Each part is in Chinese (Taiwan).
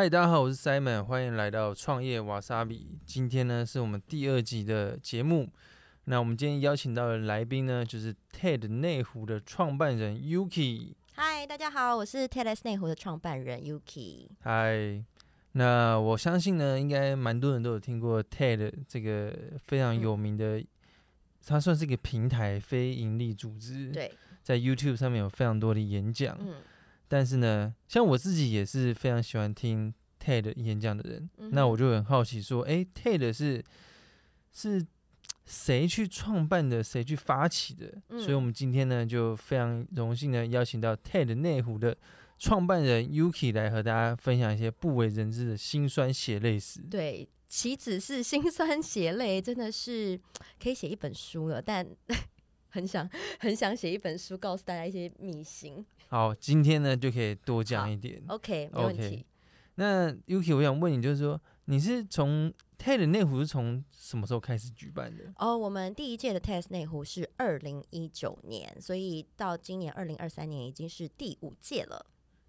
嗨，大家好，我是 Simon，歡迎來到創業哇沙米。今天呢，是我們第二集的節目。那我們今天邀請到的來賓呢，就是 TED 內湖的創辦人 Yuki。嗨，大家好，我是 TEDx 內湖的創辦人 Yuki。嗨，那我相信呢，應該蠻多人都有聽過 TED 這個非常有名的，它、嗯、算是一個平台，非盈利組織。對，在 YouTube 上面有非常多的演講。嗯。但是呢，像我自己也是非常喜歡聽 TED 演講的人，嗯，那我就很好奇說，哎、欸、TED 是是誰去創辦的，誰去發起的？嗯、所以，我們今天呢，就非常榮幸地，邀請到 TED 內湖的創辦人 Yuki 來和大家分享一些不為人知的辛酸血淚史。對，豈止是辛酸血淚，真的是可以寫一本書了。但很想很想寫一本書，告訴大家一些秘辛。好，今天呢就可以多講一點。OK，沒問題。Okay. 那 Yuki，我想問你，就是說你是從 TED 內湖是從什麼時候開始舉辦的？哦，我們第一屆的 TED 內湖是二零一九年，所以到今年二零二三年已經是第五屆了。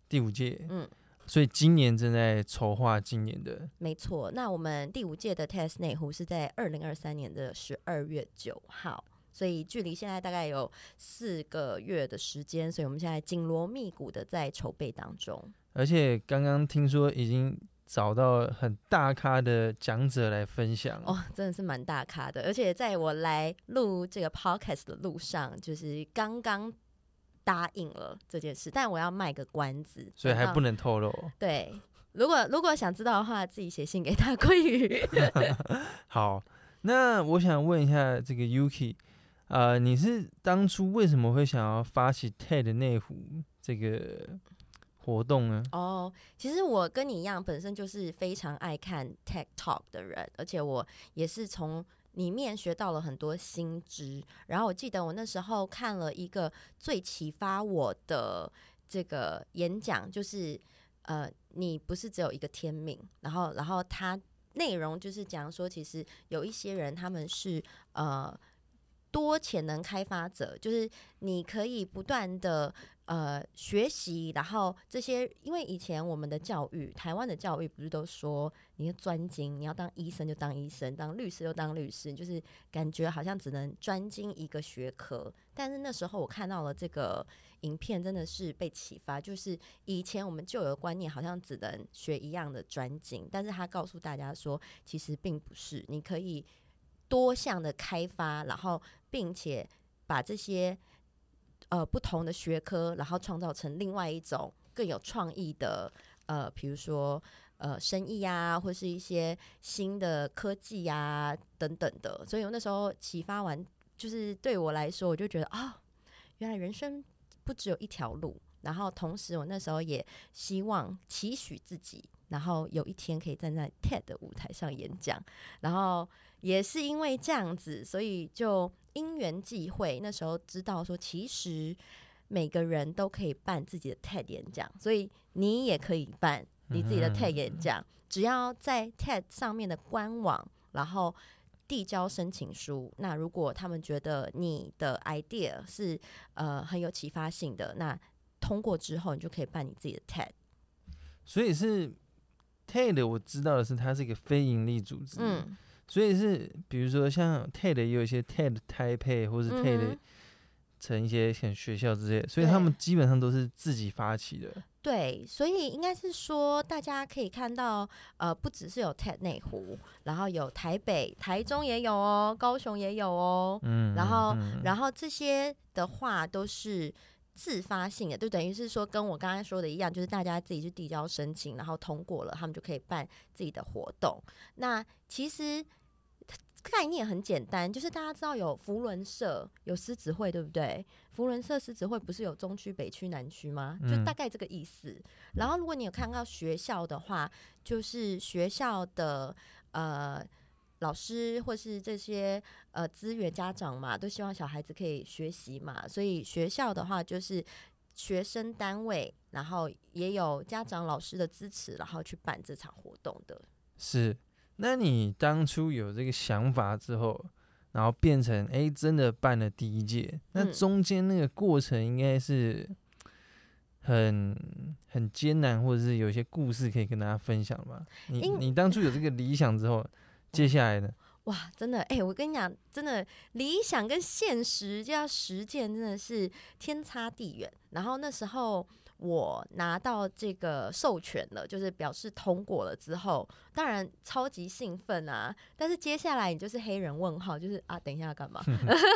第五屆，嗯，所以今年正在籌劃今年的。沒錯，那我們第五屆的 TED 內湖是在二零二三年的十二月九號。所以距離現在大概有四個月的時間，所以我們現在緊鑼密鼓的在籌備當中。而且剛剛聽說已經找到很大咖的講者來分享哦，真的是蠻大咖的。而且在我來錄這個 podcast 的路上，就是剛剛答應了這件事，但我要賣個關子，所以還不能透露。對，如果如果想知道的話，自己寫信給他。鮭魚，好，那我想問一下這個 Yuki。呃，你是當初為什麼會想要發起 TED 內湖這個活動呢？啊？哦，oh，其實我跟你一樣，本身就是非常愛看 TED Talk 的人，而且我也是從裡面學到了很多新知。然後我記得我那時候看了一個最啟發我的這個演講，就是呃，你不是只有一個天命。然後，然後它內容就是講說，其實有一些人他們是呃。多潛能開發者，就是你可以不斷的呃學習，然後這些，因為以前我們的教育，台灣的教育不是都說你要專精，你要當醫生就當醫生，當律師就當律師，就是感覺好像只能專精一個學科。但是那時候我看到了這個影片，真的是被啟發，就是以前我們舊有的觀念好像只能學一樣的專精，但是他告訴大家說，其實並不是，你可以。多項的開發，然後並且把這些呃不同的學科，然後創造成另外一種更有創意的呃，比如說呃生意呀、啊，或是一些新的科技呀、啊、等等的。所以，我那時候啟發完，就是對我來說，我就覺得啊、哦，原來人生不只有一條路。然後，同時我那時候也希望期許自己，然後有一天可以站在 TED 的舞台上演講，然後。也是因為這樣子，所以就因緣際會，那時候知道說，其實每個人都可以辦自己的 TED 演講，所以你也可以辦你自己的 TED 演講。嗯，只要在 TED 上面的官網，然後遞交申請書。那如果他們覺得你的 idea 是呃很有啟發性的，那通過之後，你就可以辦你自己的 TED。所以是 TED，我知道的是它是一個非營利組織。嗯。所以是，比如說像 TED 也有一些 TED Taipei 或是 TED、嗯、成一些像學校之類的。所以他們基本上都是自己發起的。對，對，所以應該是說大家可以看到，呃，不只是有 TED 內湖，然後有台北、台中也有哦，高雄也有哦。嗯。然後，嗯、然後這些的話都是自發性的，就等於是說跟我剛才說的一樣，就是大家自己去遞交申請，然後通過了，他們就可以辦自己的活動。那其實。概念很簡單，就是大家知道有扶輪社，有獅子會，對不對？扶輪社、獅子會不是有中區、北區、南區嗎？就大概這個意思。嗯、然後，如果你有看到學校的話，就是學校的呃老師或是這些呃資源家長嘛，都希望小孩子可以學習嘛，所以學校的話就是學生單位，然後也有家長、老師的支持，然後去辦這場活動的。是。那你當初有這個想法之後，然後變成誒、欸、真的辦了第一屆、嗯，那中間那個過程應該是很很艱難，或者是有些故事可以跟大家分享吧？你、欸、你當初有這個理想之後，啊、接下來呢？哇，真的哎、欸，我跟你講，真的理想跟現實就要實踐，真的是天差地遠。然後那時候。我拿到這個授權了，就是表示通過了之後，當然超級興奮啊！但是接下來你就是黑人問號，就是啊，等一下幹嘛？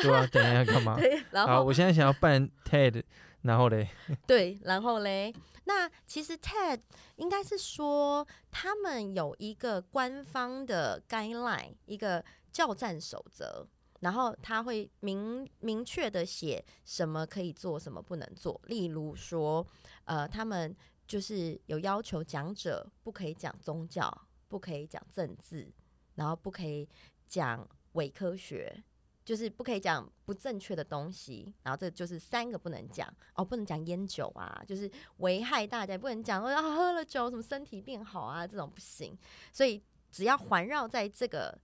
對啊，等一下幹嘛？然後好，我現在想要辦 TED，然後嘞？ 對，然後嘞？那其實 TED 應該是說他們有一個官方的 guideline，一個叫戰守則。然後他會明明確的寫什麼可以做，什麼不能做。例如說，呃，他們就是有要求講者不可以講宗教，不可以講政治，然後不可以講偽科學，就是不可以講不正確的東西。然後這就是三個不能講哦，不能講煙酒啊，就是危害大家。不能講我、啊、喝了酒，什麼身體變好啊，這種不行。所以只要環繞在這個，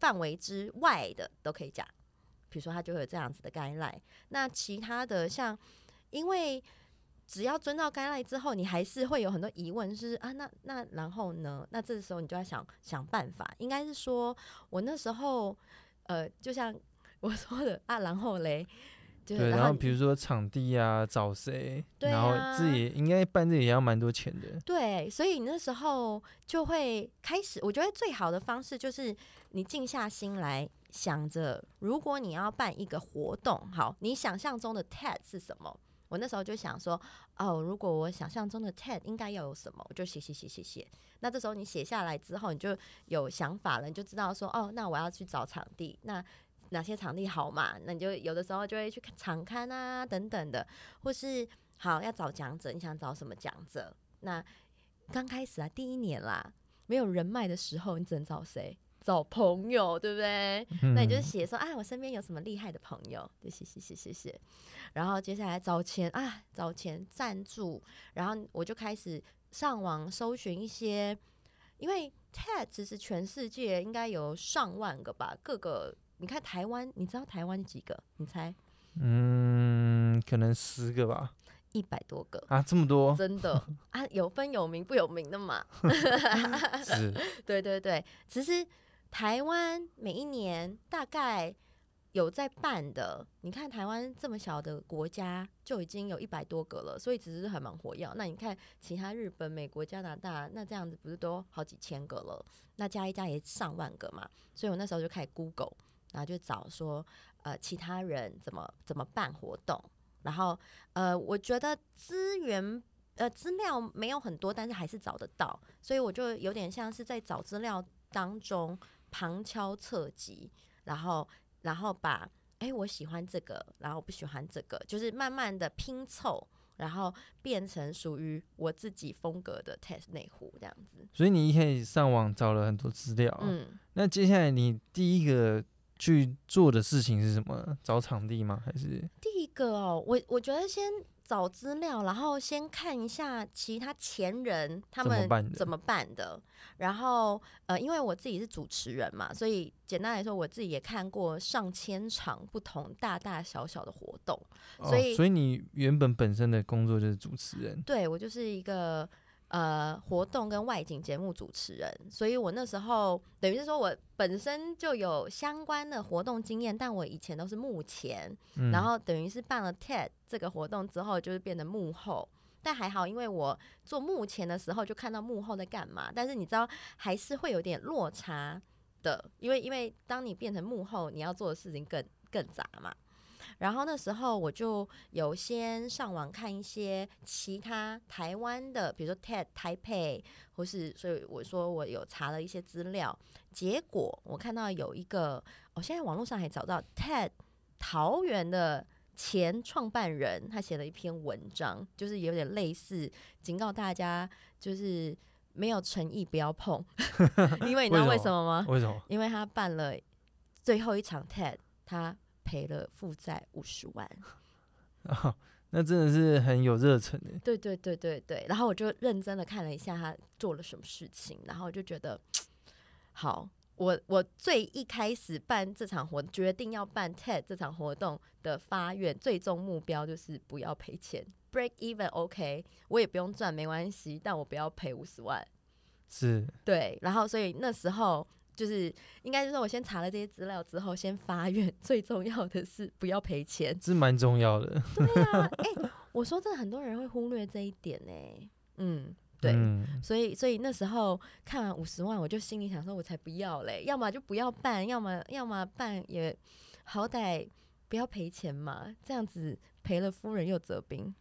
範圍之外的都可以講，比如說他就會有這樣子的概念，那其他的像，因為只要遵照該賴之後，你還是會有很多疑問是，是啊，那那然後呢？那這時候你就要想想辦法。應該是說我那時候，呃，就像我說的啊，然後嘞、就是，對，然後比如說場地啊，找誰？對、啊，然後自己應該辦自己要蠻多錢的。對，所以你那時候就會開始。我覺得最好的方式就是。你靜下心來想着，如果你要辦一個活動，好，你想象中的 TED 是什麼？我那時候就想說，哦，如果我想象中的 TED 應該要有什麼，我就寫寫寫寫寫。那這時候你寫下來之後，你就有想法了，你就知道說，哦，那我要去找場地，那哪些場地好嘛？那你就有的時候就會去常看場勘啊等等的，或是好要找講者，你想找什麼講者？那剛開始啊，第一年啦，沒有人脈的時候，你只能找誰？找朋友，對不對？嗯、那你就寫說啊，我身邊有什麼厲害的朋友？就寫寫寫。然後接下來找錢啊，找錢贊助。然後我就開始上網搜尋一些，因為 TED 其實全世界應該有上萬個吧，各個你看台灣，你知道台灣幾個？你猜？嗯，可能十個吧，一百多個啊，這麼多？真的 啊，有分有名不有名的嘛？ 是， 對對對，其實。台灣每一年大概有在辦的，你看台灣這麼小的國家就已經有一百多個了，所以其實還蠻活躍的。那你看其他日本、美國、加拿大，那這樣子不是都好幾千個了？那加一加也上萬個嘛。所以我那時候就開始 Google，然後就找說呃其他人怎麼怎麼辦活動，然後呃我覺得資源呃資料沒有很多，但是還是找得到，所以我就有點像是在找資料當中。旁敲側擊，然後，然後把，哎、欸，我喜歡這個，然後不喜歡這個，就是慢慢的拼湊，然後變成屬於我自己風格的 TEDx 內湖這樣子。所以你可以上網找了很多資料，嗯，那接下來你第一個。去做的事情是什麼？找場地嗎？還是第一個哦，我我覺得先找資料，然後先看一下其他前人他們怎麼辦的。辦的，然後呃，因為我自己是主持人嘛，所以簡單來說，我自己也看過上千場不同大大小小的活動，所以、哦、所以你原本本身的工作就是主持人。對，我就是一個。呃，活動跟外景節目主持人，所以我那時候等於是說，我本身就有相關的活動經驗，但我以前都是幕前、嗯，然後等於是辦了 TED 這個活動之後，就是變成幕後。但還好，因為我做幕前的時候就看到幕後在幹嘛，但是你知道還是會有點落差的，因為因為當你變成幕後，你要做的事情更更雜嘛。然後那時候我就有先上網看一些其他台灣的，比如說 TED Taipei，或是所以我說我有查了一些資料，結果我看到有一個，我、哦、現在網絡上還找到 TED 桃園的前創辦人，他寫了一篇文章，就是有點類似警告大家，就是沒有誠意不要碰， 因為你知道為什麼嗎？為什麼？因為他辦了最後一場 TED，他。賠了負債五十萬。哦，那真的是很有熱忱耶。對對對對對，然後我就認真的看了一下他做了什麼事情，然後我就覺得，好，我我最一開始辦這場活，決定要辦 TED 這場活動的發願，最終目標就是不要賠錢，break even OK，我也不用賺沒關係，但我不要賠五十萬，是，對，然後所以那時候。就是應該就是我先查了這些資料之後，先發願。最重要的是不要賠錢，這是蠻重要的。 對呀、啊欸，我說這很多人會忽略這一點呢、欸。嗯，對，嗯、所以所以那時候看完五十萬，我就心裡想說，我才不要嘞，要麼就不要辦，要麼要麼辦也好歹不要賠錢嘛，這樣子賠了夫人又折兵，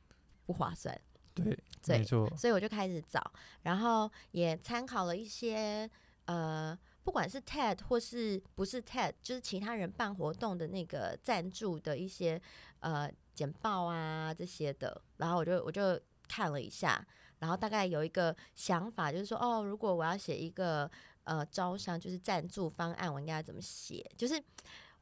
不划算。對，對沒錯。所以我就開始找，然後也參考了一些呃。不管是 TED 或是不是 TED，就是其他人辦活動的那個贊助的一些呃簡報啊這些的，然後我就我就看了一下，然後大概有一個想法，就是說哦，如果我要寫一個呃招商，就是贊助方案，我應該怎麼寫？就是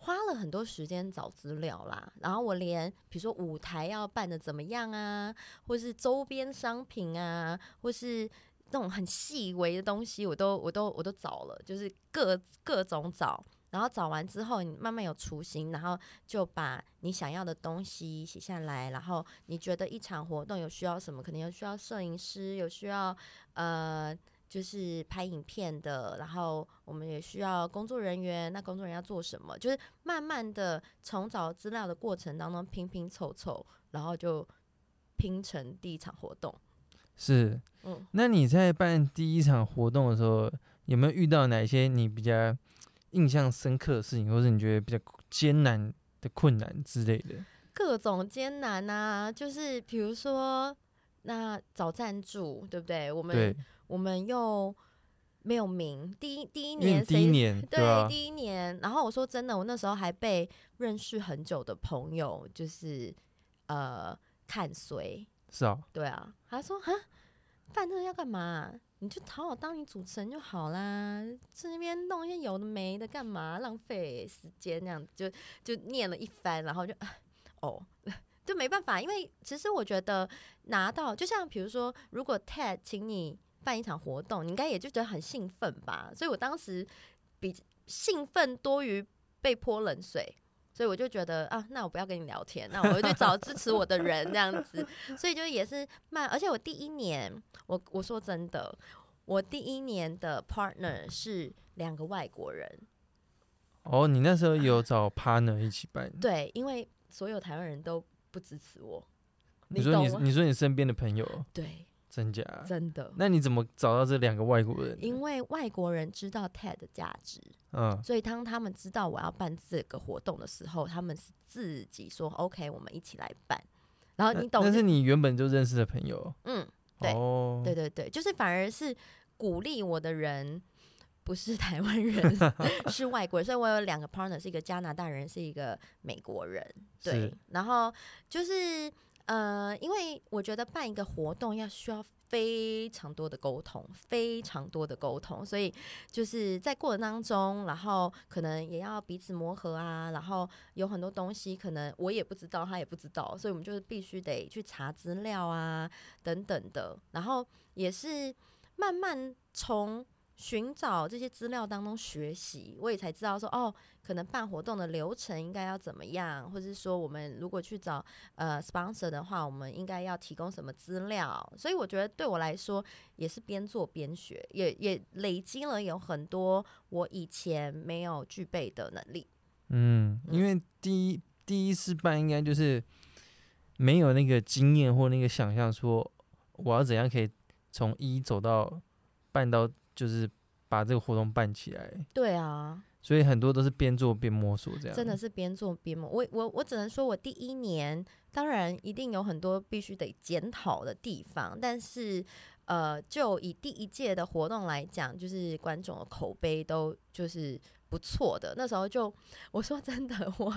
花了很多時間找資料啦，然後我連比如說舞台要辦的怎麼樣啊，或是周邊商品啊，或是。那種很細微的東西我，我都我都我都找了，就是各各種找，然後找完之後你慢慢有雛形，然後就把你想要的東西寫下來，然後你覺得一場活動有需要什麼，可能有需要攝影師，有需要呃就是拍影片的，然後我們也需要工作人員，那工作人員要做什麼？就是慢慢的從找資料的過程當中拼拼湊湊，然後就拼成第一場活動。是，那你在辦第一場活動的時候，有沒有遇到哪些你比較印象深刻的事情，或是你覺得比較艱難的困難之類的？各種艱難啊，就是比如說那找贊助，對不對？我們我們又沒有名，第一第一年誰？對，對啊，第一年。然後我說真的，我那時候還被認識很久的朋友，就是呃，看誰。是、哦、對啊，他說：“啊，辦這個要幹嘛？你就討好當你主持人就好啦，去那邊弄一些有的沒的幹嘛？浪費時間，那樣就就念了一番，然後就哦，就沒辦法，因為其實我覺得拿到，就像比如說，如果 TED 請你辦一場活動，你應該也就覺得很興奮吧？所以我當時比興奮多於被潑冷水。”所以我就覺得啊，那我不要跟你聊天，那我就去找支持我的人這樣子。 所以就也是慢，而且我第一年，我我說真的，我第一年的 partner 是兩個外國人。哦，你那時候有找 partner 一起辦？ 對，因為所有台灣人都不支持我。你說你，你，你說你身邊的朋友喔？對。真假、啊、真的？那你怎麼找到這兩個外國人？因為外國人知道 TED 的價值。嗯。所以當他們知道我要辦這個活動的時候，他們是自己說 OK，我們一起來辦。然後你懂？但是你原本就認識的朋友。嗯，對，oh、對對對，就是反而是鼓勵我的人不是台灣人， 是外國人。所以我有兩個 partner，是一個加拿大人，是一個美國人。對，然後就是。呃，因為我覺得辦一個活動要需要非常多的溝通，非常多的溝通，所以就是在過程當中，然後可能也要彼此磨合啊，然後有很多東西可能我也不知道，他也不知道，所以我們就是必須得去查資料啊，等等的，然後也是慢慢從。尋找這些資料當中學習，我也才知道說哦，可能辦活動的流程應該要怎麼樣，或者是說我們如果去找呃 sponsor 的話，我們應該要提供什麼資料。所以我覺得對我來說也是邊做邊學，也也累積了有很多我以前沒有具備的能力。嗯，因為第一、嗯、第一次辦應該就是沒有那個經驗或那個想象，說我要怎樣可以從一、e、走到辦到。就是把這個活動辦起來，對啊，所以很多都是邊做邊摸索這樣，真的是邊做邊摸。我我我只能說，我第一年當然一定有很多必須得檢討的地方，但是呃，就以第一屆的活動來講，就是觀眾的口碑都就是。不錯的，那時候就我說真的，我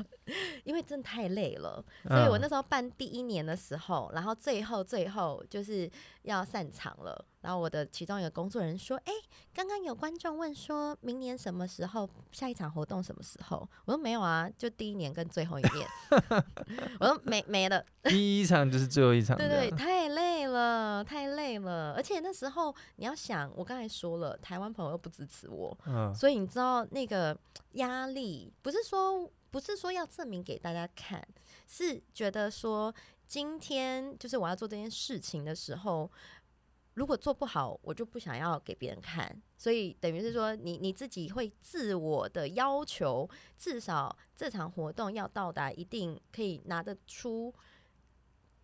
因為真的太累了，所以我那時候辦第一年的時候，然後最後最後就是要散場了，然後我的其中一個工作人員說：“哎、欸，剛剛有觀眾問說，明年什麼時候下一場活動？什麼時候？”我說：“沒有啊，就第一年跟最後一年。 ”我說沒：“沒沒了，第一場就是最後一場。”對對，太累了，太累了，而且那時候你要想，我剛才說了，台灣朋友又不支持我，嗯、所以你知道那個。壓力不是說不是說要證明給大家看，是覺得說今天就是我要做這件事情的時候，如果做不好，我就不想要給別人看。所以等於是說你，你你自己會自我的要求，至少這場活動要到達一定可以拿得出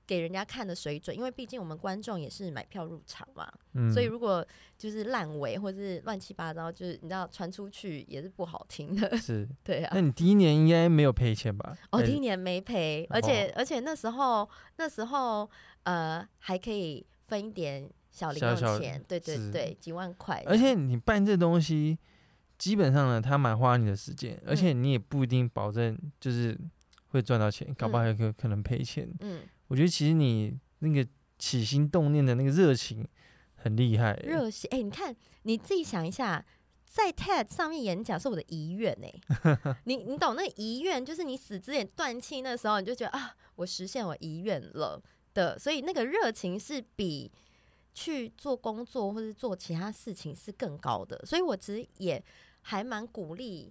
給人家看的水準，因為畢竟我們觀眾也是買票入場嘛，嗯、所以如果就是爛尾或是亂七八糟，就是你知道傳出去也是不好聽的。是， 對啊。那你第一年應該沒有賠錢吧？哦，第一年沒賠，而且而且那時候那時候呃還可以分一點小零用錢，小小對對對，幾萬塊。而且你辦這東西基本上呢，他蠻花你的時間，而且你也不一定保證就是會賺到錢，嗯、搞不好還有可、嗯、可能賠錢。嗯。我覺得其實你那個起心動念的那個熱情很厲害欸。熱心。熱情哎，你看你自己想一下，在 TED 上面演講是我的遺願呢。你你懂那個遺願，就是你死之前斷氣那時候，你就覺得啊，我實現我遺願了的。所以那個熱情是比去做工作或是做其他事情是更高的。所以我其實也還蠻鼓勵，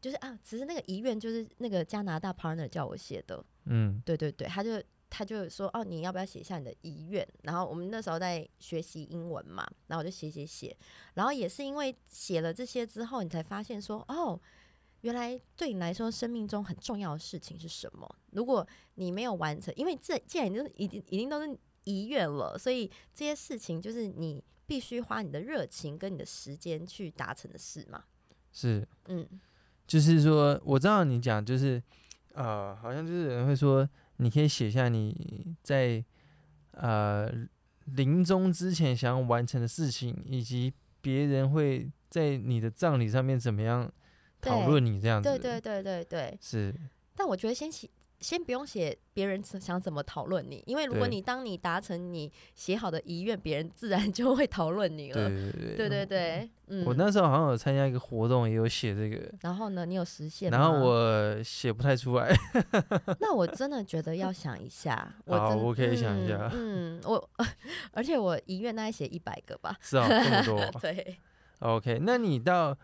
就是啊，其實那個遺願就是那個加拿大 partner 叫我寫的。嗯，對對對，他就。他就說：“哦，你要不要寫一下你的遺願？”然後我們那時候在學習英文嘛，然後我就寫寫寫。然後也是因為寫了這些之後，你才發現說：“哦，原來對你來說，生命中很重要的事情是什麼？如果你沒有完成，因為這既然已經已經已經都是遺願了，所以這些事情就是你必須花你的熱情跟你的時間去達成的事嘛。”是，嗯，就是說我知道你講就是，呃，好像就是人會說。你可以寫下你在呃臨終之前想要完成的事情，以及別人會在你的葬禮上面怎麼樣討論你這樣子。對對對對對，是。但我覺得先寫。先不用寫別人想怎麼討論你，因為如果你當你達成你寫好的遺願，別人自然就會討論你了。對對對，對，對，對，嗯，我那時候好像有參加一個活動，也有寫這個。然後呢，你有實現嗎？然後我寫不太出來。我出來 那我真的覺得要想一下我。好，我可以想一下。嗯，嗯我而且我遺願大概寫一百個吧。是啊，這麼多。 對。OK，那你到。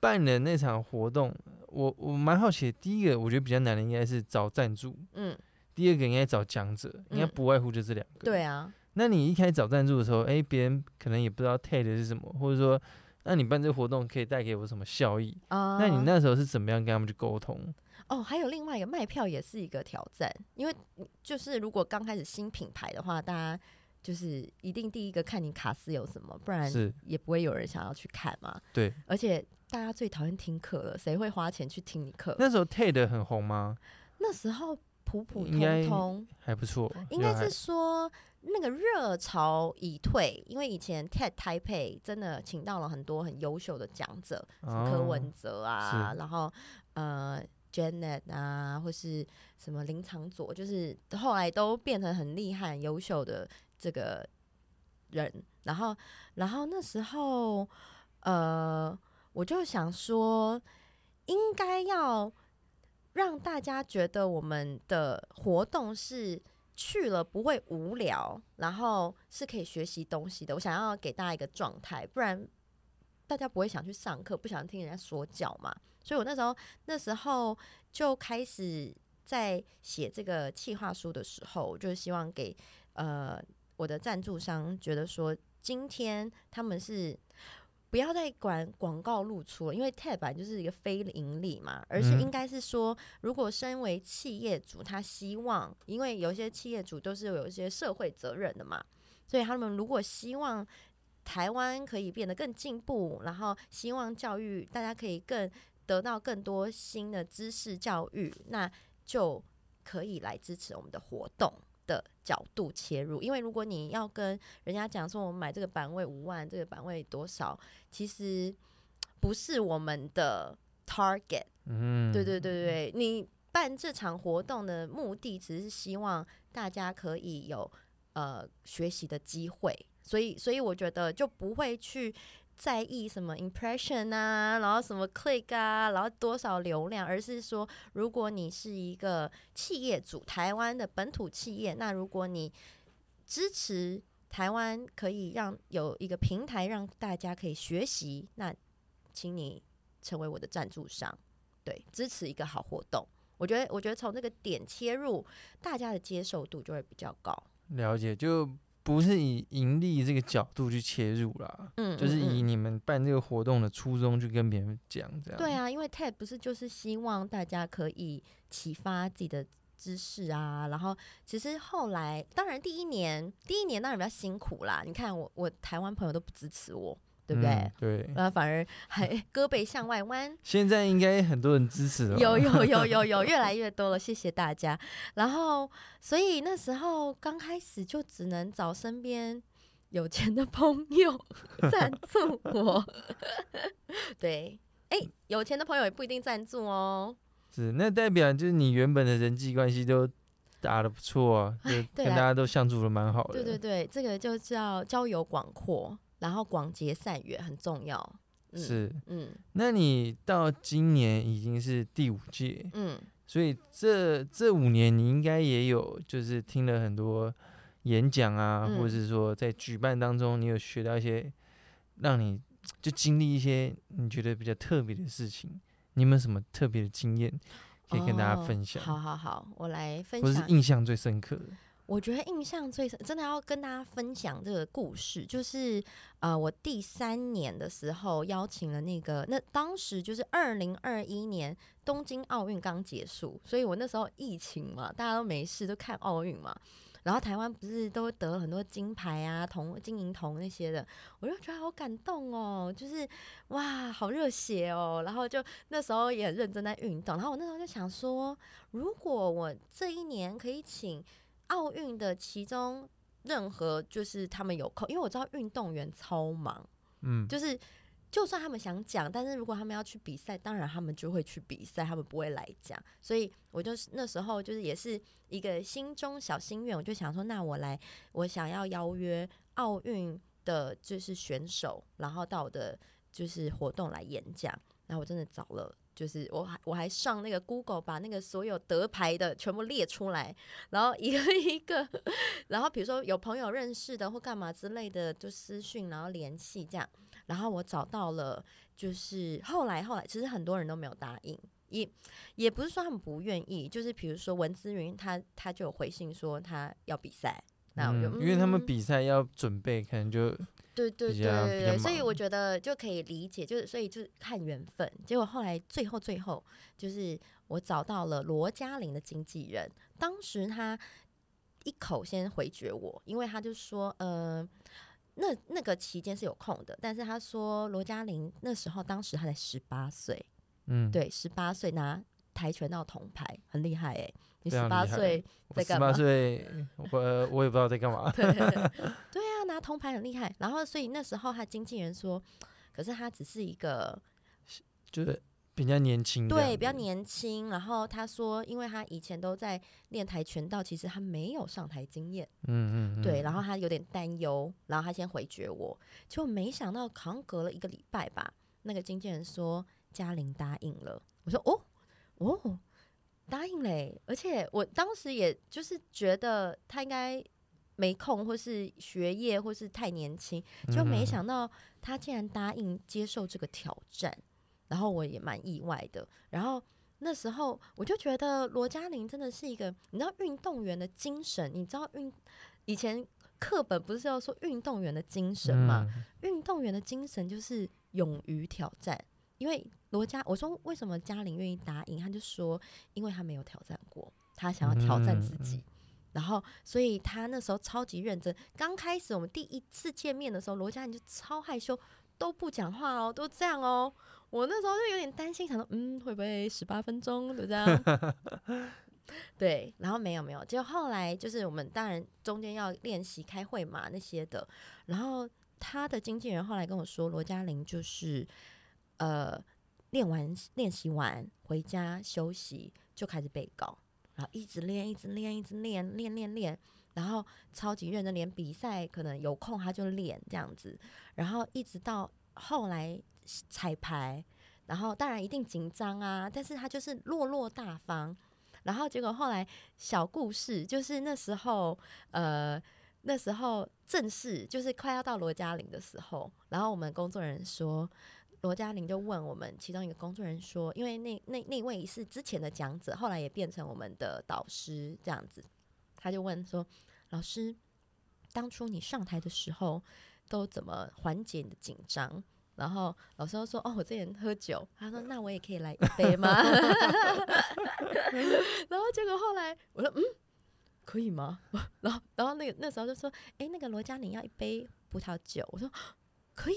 辦的那場活動，我我蠻好奇的，第一個我覺得比較難的應該是找贊助，嗯，第二個應該找講者，應該不外乎就這兩個、嗯。對啊，那你一開始找贊助的時候，哎、欸，別人可能也不知道 TED 是什麼，或者說，那你辦這個活動可以帶給我什麼效益？啊、嗯，那你那時候是怎麼樣跟他們去溝通？哦，還有另外一個賣票也是一個挑戰，因為就是如果剛開始新品牌的話，大家就是一定第一個看你卡司有什麼，不然是也不會有人想要去看嘛。對，而且。大家最討厭聽課了，誰會花錢去聽你課？那時候 TED 很紅嗎？那時候普普通通還不錯，應該是說那個熱潮已退，因為以前 TED 台北真的請到了很多很優秀的講者，哦，什麼柯文哲啊，然後呃 Janet 啊，或是什麼林長佐，就是後來都變成很厲害、很優秀的這個人。然後，然後那時候呃。我就想說，應該要讓大家覺得我們的活動是去了不會無聊，然後是可以學習東西的。我想要給大家一個狀態，不然大家不會想去上課，不想聽人家說教嘛。所以我那時候那時候就開始在寫這個企劃書的時候，就希望給呃我的贊助商覺得說，今天他們是。不要再管廣告露出了，因為 TEDx 就是一個非營利嘛，嗯，而是應該是說，如果身為企業主，他希望，因為有些企業主都是有一些社會責任的嘛，所以他們如果希望台灣可以變得更進步，然後希望教育大家可以更得到更多新的知識教育，那就可以來支持我們的活動。的角度切入，因為如果你要跟人家講說，我們買這個版位五萬，這個版位多少，其實不是我們的 target。嗯，對對對對，你辦這場活動的目的只是希望大家可以有呃學習的機會，所以所以我覺得就不會去。在意什麼 impression 啊，然後什麼 click 啊，然後多少流量，而是說，如果你是一個企業主，台灣的本土企業，那如果你支持台灣，可以讓有一個平台讓大家可以學習，那請你成為我的贊助商，對，支持一個好活動。我覺得，我覺得從這個點切入，大家的接受度就會比較高。了解就。不是以盈利這個角度去切入啦，嗯，嗯，嗯，就是以你們辦這個活動的初衷去跟別人講這樣。對啊，因為 TED 不是就是希望大家可以啟發自己的知識啊，然後其實後來當然第一年第一年當然比較辛苦啦。你看我我台灣朋友都不支持我。對不對、嗯？對，然後反而還胳膊向外彎。現在應該很多人支持了。有有有有有，越來越多了， 謝謝大家。然後，所以那時候剛開始就只能找身邊有錢的朋友贊助我。 對，哎，有錢的朋友也不一定贊助哦。是，那代表就是你原本的人際關係都打得不錯啊，對，跟大家都相處得蠻好的。對。對對對，這個就叫交友廣闊。然後廣結善緣很重要，嗯、是，嗯，那你到今年已經是第五屆，嗯，所以這這五年你應該也有就是聽了很多演講啊，嗯、或者是說在舉辦當中，你有學到一些讓你就經歷一些你覺得比較特別的事情，你有沒有什麼特別的經驗可以跟大家分享？哦、好好好，我來分享，我是印象最深刻的。我覺得印象最深，真的要跟大家分享這個故事，就是，呃，我第三年的時候邀請了那個，那當時就是二零二一年東京奧運剛結束，所以我那時候疫情嘛，大家都沒事都看奧運嘛，然後台灣不是都得了很多金牌啊、銅、金銀銅那些的，我就覺得好感動哦，就是哇，好熱血哦，然後就那時候也很認真在運動，然後我那時候就想說，如果我這一年可以請。奧運的其中任何就是他們有空，因為我知道運動員超忙，嗯，就是就算他們想講，但是如果他們要去比賽，當然他們就會去比賽，他們不會來講。所以我就那時候就是也是一個心中小心願，我就想說，那我來，我想要邀約奧運的就是選手，然後到我的就是活動來演講。然後我真的找了。就是我，我還上那個 Google，把那個所有得牌的全部列出來，然後一個一個，然後比如說有朋友認識的或幹嘛之類的，就私訊，然後聯繫這樣，然後我找到了，就是後來後來，其實很多人都沒有答應，也也不是說他們不願意，就是比如說文姿雲他，他他就有回信說他要比賽，那我就、嗯嗯、因為他們比賽要準備，可能就。對對對對對，所以我覺得就可以理解，就是所以就是看緣分。結果後來最後最後，就是我找到了羅嘉玲的經紀人。當時他一口先回絕我，因為他就說：“呃，那那個期間是有空的。”但是他說羅嘉玲那時候當時他才十八歲，嗯，對，十八歲拿跆拳道銅牌，很厲害哎、欸！你十八歲在幹嘛？十八歲，我也不知道在幹嘛。 對。對啊他通拍很厲害，然後所以那時候他經紀人說，可是他只是一個，就是比較年輕，對，比較年輕。然後他說，因為他以前都在練跆拳道，其實他沒有上台經驗。嗯，嗯嗯，對。然後他有點擔憂，然後他先回絕我。就沒想到，好像隔了一個禮拜吧，那個經紀人說，嘉玲答應了。我說哦哦，答應嘞、欸。而且我當時也就是覺得他應該。沒空，或是學業，或是太年輕，就沒想到他竟然答應接受這個挑戰，然後我也蠻意外的。然後那時候我就覺得羅嘉玲真的是一個，你知道運動員的精神，你知道運以前課本不是要說運動員的精神嗎？運動員的精神就是勇於挑戰。因為羅嘉，我說為什麼嘉玲願意答應，他就說因為他沒有挑戰過，他想要挑戰自己。然後，所以他那時候超級認真。剛開始我們第一次見面的時候，羅嘉玲就超害羞，都不講話哦，都這樣哦。我那時候就有點擔心，想說嗯，會不會十八分鐘就這樣。 對，然後沒有沒有，就後來就是我們當然中間要練習開會嘛，那些的。然後他的經紀人後來跟我說，羅嘉玲就是呃，練完練習完回家休息就開始背稿。啊，一直練，一直練，一直練，練練練，然後超級認真，連比賽可能有空他就練這樣子，然後一直到後來彩排，然後當然一定緊張啊，但是他就是落落大方，然後結果後來小故事就是那時候，呃，那時候正式就是快要到羅嘉玲的時候，然後我們工作人員說。羅嘉玲就問我們其中一個工作人員說：“因為那那那位是之前的講者，後來也變成我們的導師這樣子。”他就問說：“老師，當初你上台的時候都怎麼緩解你的緊張？”然後老師說：“哦，我之前喝酒。”他說：“那我也可以來一杯嗎？” 然後結果後來我說：“嗯，可以嗎？”然後然後那個那時候就說：“哎、欸，那個羅嘉玲要一杯葡萄酒。”我說：“可以。”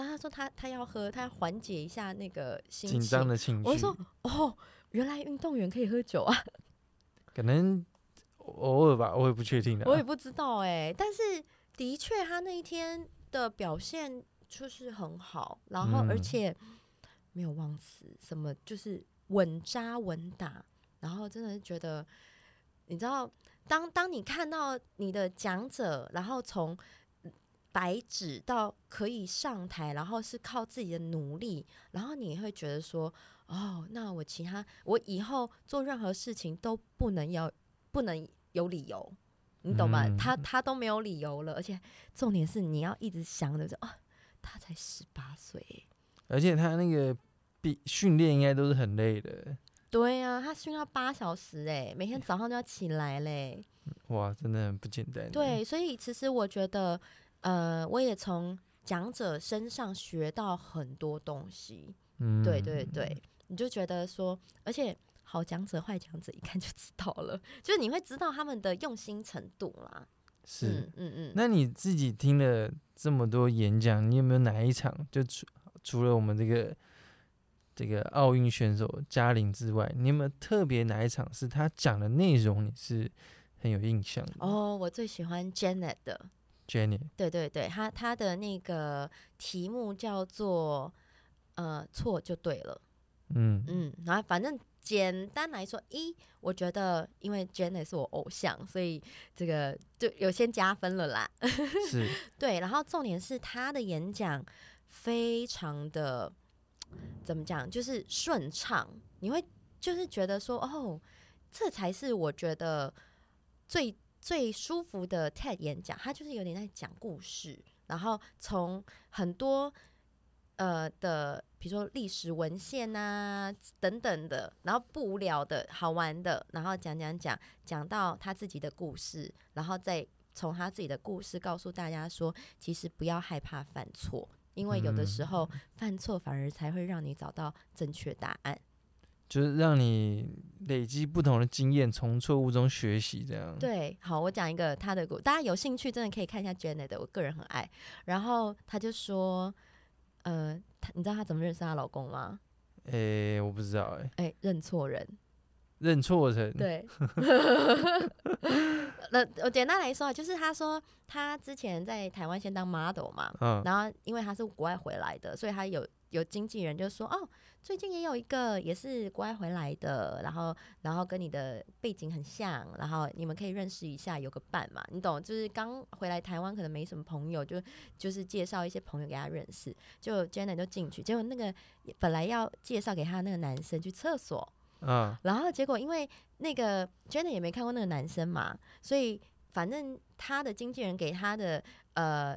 那他說他他要喝，他要緩解一下那個緊張的情緒。我說哦，原來運動員可以喝酒啊。可能偶爾吧，我也不確定的。我也不知道哎、欸，但是的確，他那一天的表現就是很好，然後而且沒有忘詞什麼，就是穩扎穩打，然後真的是覺得，你知道，當當你看到你的講者，然後從。白紙到可以上台，然後是靠自己的努力，然後你會覺得說：“哦，那我其他我以後做任何事情都不能有，不能有理由，你懂嗎、嗯？”他他都沒有理由了，而且重點是你要一直想着說：“啊、哦，他才十八歲，而且他那個比訓練應該都是很累的。”對啊，他訓到八小時哎、欸，每天早上都要起來嘞、欸。哇，真的很不簡單、啊。對，所以其實我覺得。呃，我也從講者身上學到很多東西。嗯，對對對，你就覺得說，而且好講者、壞講者一看就知道了，就是你會知道他們的用心程度嘛。是，嗯嗯，嗯。那你自己聽了這麼多演講，你有沒有哪一場，就除除了我們這個這個奧運選手嘉玲之外，你有沒有特別哪一場是他講的內容你是很有印象的？哦，我最喜歡 Janet 的。Jenny、對對對，他他的那個題目叫做呃錯就對了，嗯嗯，然後反正簡單來說，咦，我覺得因為 Jenny 是我偶像，所以這個就有先加分了啦。 是，對，然後重點是他的演講非常的怎麼講，就是順暢，你會就是覺得說哦，這才是我覺得最。最舒服的 TED 演講，他就是有點在講故事，然後從很多呃的，比如說歷史文獻啊等等的，然後不無聊的好玩的，然後講講講講到他自己的故事，然後再從他自己的故事告訴大家說，其實不要害怕犯錯，因為有的時候、嗯、犯錯反而才會讓你找到正確答案。就是讓你累積不同的經驗，從錯誤中學習，這樣。對，好，我講一個他的故事，大家有興趣真的可以看一下 Janet，我個人很愛。然後他就說：“呃，他你知道他怎麼認識她老公嗎？”哎、欸，我不知道哎、欸。哎、欸，認錯人。認錯人。對。那 我簡單來說，就是他說他之前在台灣先當 model 嘛、嗯，然後因為他是國外回來的，所以他有。有經紀人就說：“哦，最近也有一個，也是國外回來的，然後然後跟你的背景很像，然後你們可以認識一下，有個伴嘛，你懂？就是剛回來台灣可能沒什麼朋友，就就是介紹一些朋友給他認識。就 Janet 就進去，結果那個本來要介紹給他那個男生去廁所，嗯、啊，然後結果因為那個 Janet 也沒看過那個男生嘛，所以反正他的經紀人給他的呃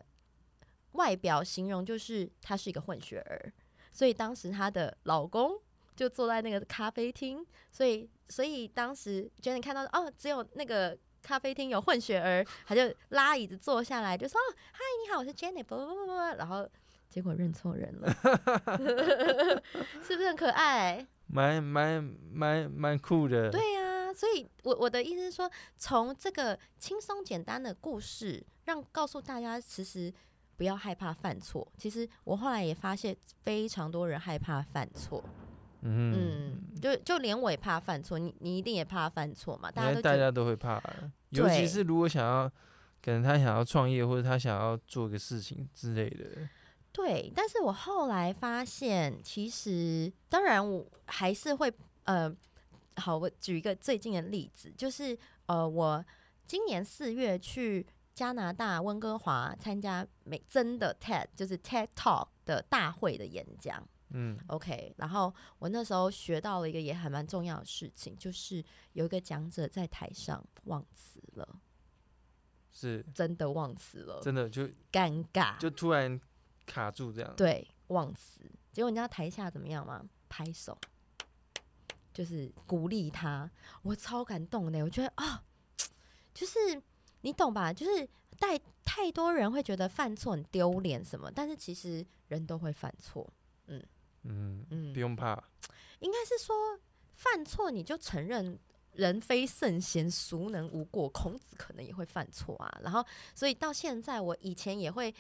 外表形容就是他是一個混血兒。”所以當時她的老公就坐在那個咖啡廳，所以所以當時 Jenny 看到哦，只有那個咖啡廳有混血兒，他就拉椅子坐下來，就說：“哦、嗨，你好，我是 Jenny。”不不不不，然後結果認錯人了， 是不是很可愛？蠻蠻蠻蠻酷的。對啊，所以我我的意思是說，從這個輕鬆簡單的故事，讓告訴大家，其實。不要害怕犯錯。其實我後來也發現，非常多人害怕犯錯。嗯，嗯，就就連我也怕犯錯，你你一定也怕犯錯嘛？大家大家都會怕啊，尤其是如果想要，可能他想要創業或者他想要做個事情之類的。對，但是我後來發現，其實當然我還是會呃，好，我舉一個最近的例子，就是呃，我今年四月去。加拿大溫哥華參加美真的 TED 就是 TED Talk 的大會的演講，嗯，OK。然後我那時候學到了一個也還蠻重要的事情，就是有一個講者在台上忘詞了，是真的忘詞了，真的就尷尬，就突然卡住這樣。對，忘詞，結果你知道台下怎麼樣嗎？拍手，就是鼓勵他。我超感動的，我覺得啊，就是。你懂吧？就是帶太多人會覺得犯錯很丟臉什麼，但是其實人都會犯錯，嗯嗯嗯，不用怕。應該是說犯錯你就承認，人非聖賢，孰能無過，孔子可能也會犯錯啊。然後所以到現在我以前也會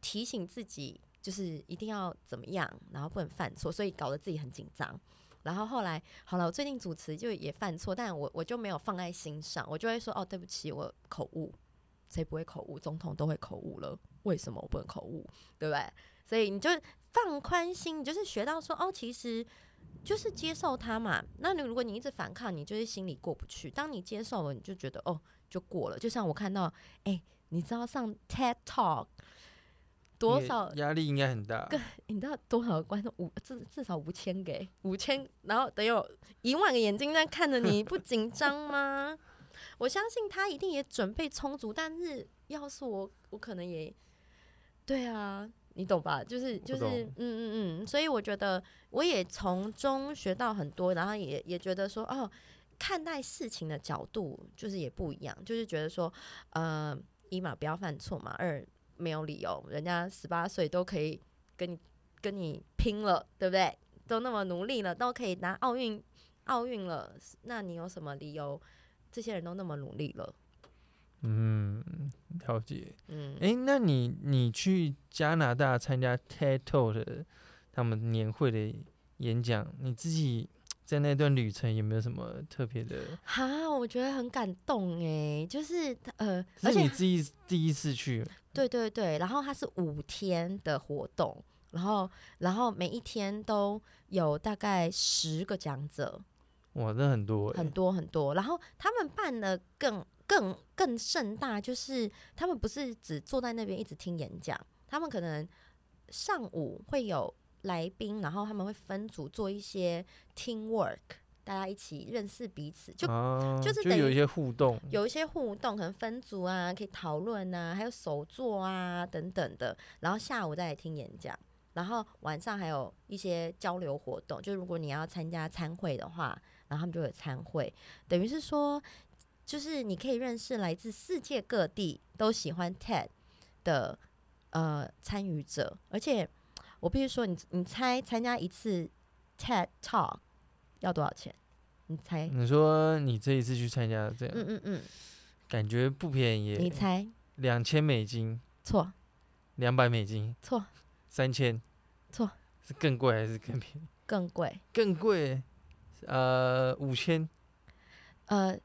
提醒自己，就是一定要怎麼樣，然後不能犯錯，所以搞得自己很緊張。然後後來好了，我最近主持就也犯錯，但我我就沒有放在心上，我就會說哦，對不起，我口誤，誰不會口誤？總統都會口誤了，為什麼我不能口誤？對不對？所以你就放寬心，你就是學到說哦，其實就是接受他嘛。那你如果你一直反抗，你就是心裡過不去。當你接受了，你就覺得哦，就過了。就像我看到，哎，你知道上 TED Talk。多少壓力應該很大，對，你知道多少個觀眾？五至至少五千給五千，然後得有一萬個眼睛在看着你， 不緊張嗎？我相信他一定也準備充足，但是要是我，我可能也對啊，你懂吧？就是就是，嗯嗯嗯，所以我覺得我也從中學到很多，然後也也覺得說，哦，看待事情的角度就是也不一樣，就是覺得說，呃，一嘛不要犯錯嘛，二。沒有理由，人家十八歲都可以跟你跟你拼了，對不對？都那麼努力了，都可以拿奧運奧運了，那你有什麼理由？這些人都那麼努力了。嗯，了解。嗯，哎、欸，那你你去加拿大參加 TEDxTO 的他們年會的演講，你自己在那段旅程有沒有什麼特別的？哈，我覺得很感動。哎、欸，就是呃，那你自己第一次去。對對對，然後它是五天的活動，然後然後每一天都有大概十個講者，哇，那很多、欸、很多很多。然後他們辦的更更更盛大，就是他們不是只坐在那邊一直聽演講，他們可能上午會有來賓，然後他們會分組做一些 team work。大家一起認識彼此，就、啊、就是等於，就有一些互動，有一些互動，可能分組啊，可以討論啊，還有手作啊等等的。然後下午再來聽演講，然後晚上還有一些交流活動。就如果你要參加餐會的話，然後他們就會有餐會。等於是說，就是你可以認識來自世界各地都喜歡 TED 的呃參與者。而且我必須說你，你你猜參加一次 TED Talk，要多少錢？你猜？你說你這一次去參加這樣，嗯嗯嗯，感覺不便宜。你猜？兩千美金？錯。兩百美金？錯。三千？錯。是更貴還是更便宜？更貴。更貴？呃，五千。呃，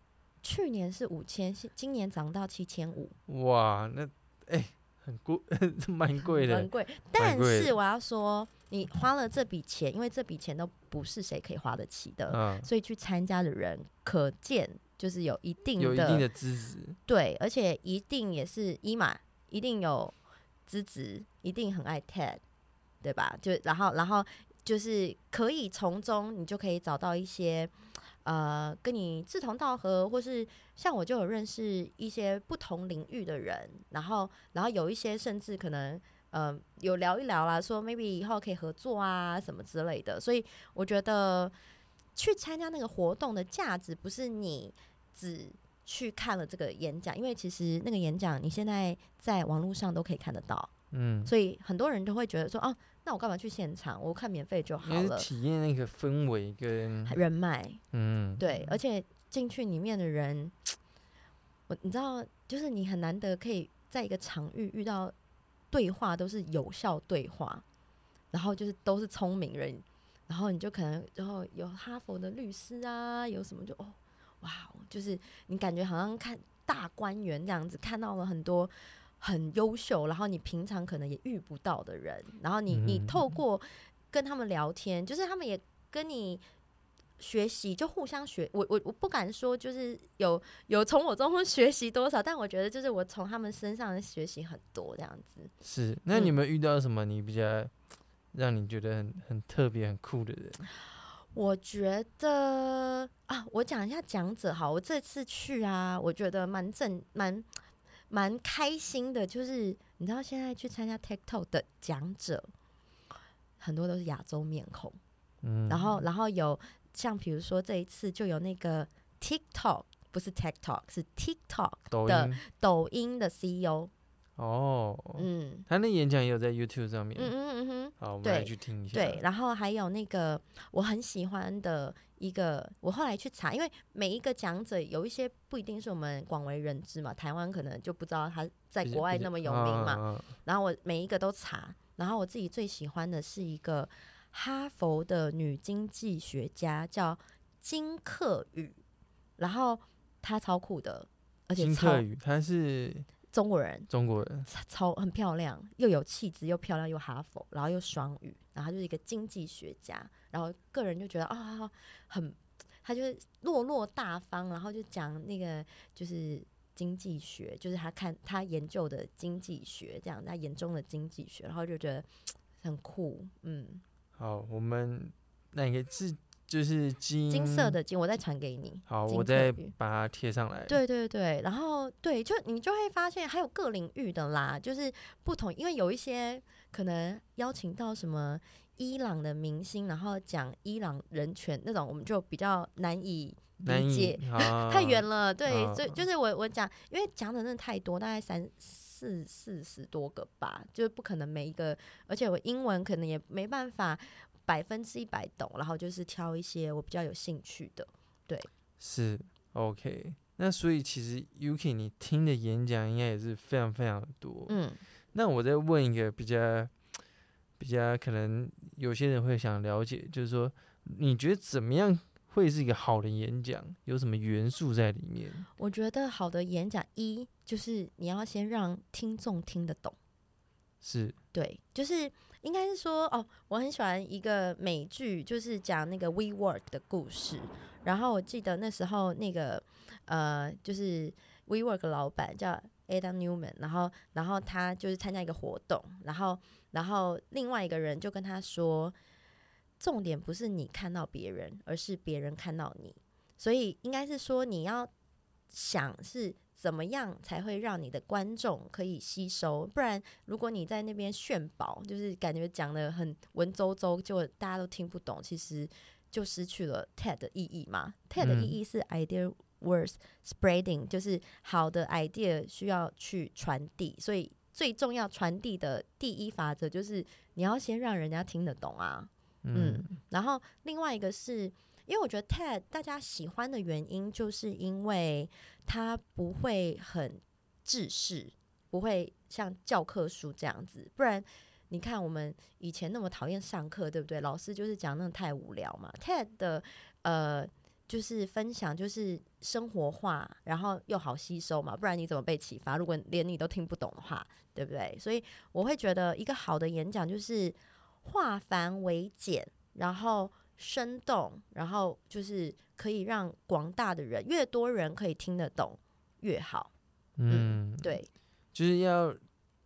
去年是五千，今年漲到七千五。哇，那哎，欸，很貴，呵呵，很很貴，蠻貴的。蠻貴。但是我要說。你花了這筆錢，因為這筆錢都不是誰可以花得起的，嗯，所以去參加的人可見就是有一定的有一定的資質，對，而且一定也是一碼，一定有資質，一定很愛 TED，對吧？就然後然後就是可以從中你就可以找到一些呃跟你志同道合，或是像我就有認識一些不同領域的人，然後然後有一些甚至可能。嗯、呃，有聊一聊啦，說 maybe 以後可以合作啊，什麼之類的。所以我覺得去參加那個活動的價值，不是你只去看了這個演講，因為其實那個演講你現在在網絡上都可以看得到。嗯，所以很多人都會覺得說，哦、啊，那我幹嘛去現場？我看免費就好了。體驗那個氛圍跟人脈，嗯，對。而且進去裡面的人，我你知道，就是你很難得可以在一個場域遇到。對話都是有效對話，然後就是都是聰明人，然後你就可能，然後、哦、有哈佛的律師啊，有什麼就哦，哇，就是你感覺好像看大觀園這樣子，看到了很多很優秀，然後你平常可能也遇不到的人，然後你你透過跟他們聊天，就是他們也跟你，學習就互相學我我我不敢說就是有有從我中學習多少，但我覺得就是我從他們身上學習很多這樣子。是，那你們遇到什麼你比較讓你覺得很很特別很酷的人？嗯、我覺得啊，我講一下講者哈，我這次去啊，我覺得蠻正蠻蠻開心的，就是你知道現在去參加 TED talk 的講者，很多都是亞洲面孔，嗯，然後然後有。像比如說這一次就有那個 TikTok，不是 Tech Talk，是 TikTok 的抖音，抖音的 CEO。哦，嗯，他那演講也有在 YouTube 上面。嗯嗯嗯嗯。好，我們來去聽一下。對，然後還有那個我很喜歡的一個。我後來去查，因為每一個講者有一些不一定是我們廣為人知嘛，台灣可能就不知道他在國外那麼有名嘛啊啊啊。然後我每一個都查，然後我自己最喜歡的是一個。哈佛的女經濟學家叫金刻羽，然後她超酷的，而且金刻羽她是中國人，中國人超很漂亮，又有氣質，又漂亮，又哈佛，然後又雙語，然後她就是一個經濟學家，然後個人就覺得啊、哦哦，很她就是落落大方，然後就講那個就是經濟學，就是她看她研究的經濟學，這樣她眼中的經濟學，然後就覺得很酷，嗯。好，我們那個字就是金金色的金，我再傳給你。好，我再把它貼上來。對對對，然後對，就你就會發現還有各領域的啦，就是不同，因為有一些可能邀請到什麼伊朗的明星，然後講伊朗人權那種，我們就比較難以理解，難以 太遠了。啊、對、啊，所以就是我我講，因為講的真的太多，大概三。四四十多個吧，就不可能每一個，而且我英文可能也沒辦法百分之一百懂，然後就是挑一些我比較有興趣的。對，是 OK。那所以其實 Yuki 你聽的演講應該也是非常非常多。嗯，那我再問一個比較比較可能有些人會想了解，就是說你覺得怎麼樣？會是一個好的演講，有什麼元素在裡面？我覺得好的演講，一就是你要先讓聽眾聽得懂，是，對，就是應該是說哦，我很喜歡一個美劇，就是講那個 WeWork 的故事。然後我記得那時候那個呃，就是 WeWork 老闆叫 Adam Neumann，然後然後他就是參加一個活動，然後然後另外一個人就跟他說。重點不是你看到別人，而是別人看到你。所以應該是說，你要想是怎麼樣才會讓你的觀眾可以吸收。不然，如果你在那邊炫寶，就是感覺講得很文縐縐，就大家都聽不懂。其實就失去了 TED 的意義嘛。嗯。TED 的意義是 idea worth spreading，就是好的 idea 需要去傳遞。所以最重要傳遞的第一法則就是，你要先讓人家聽得懂啊。嗯，嗯，然後另外一個是，因為我覺得 TED 大家喜歡的原因，就是因為他不會很制式，不會像教科書這樣子。不然，你看我們以前那麼討厭上課，對不對？老師就是講的那太無聊嘛。TED 的呃，就是分享，就是生活化，然後又好吸收嘛。不然你怎麼被啟發？如果連你都聽不懂的話，對不對？所以我會覺得一個好的演講就是。化繁為簡，然後生動，然後就是可以讓廣大的人越多人可以聽得懂越好嗯。嗯，對，就是要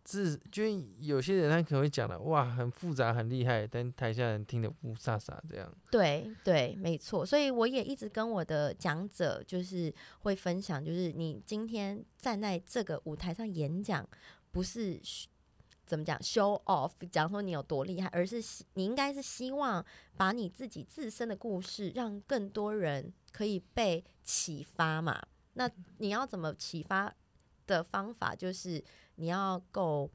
自，就有些人他可能會講的哇很複雜很厲害，但台下人聽得烏煞煞這樣。對對，沒錯。所以我也一直跟我的講者就是會分享，就是你今天站在這個舞台上演講，不是。怎麼講？Show off，講說你有多厲害，而是你應該是希望把你自己自身的故事，讓更多人可以被啟發嘛。那你要怎麼啟發的方法，就是你要夠，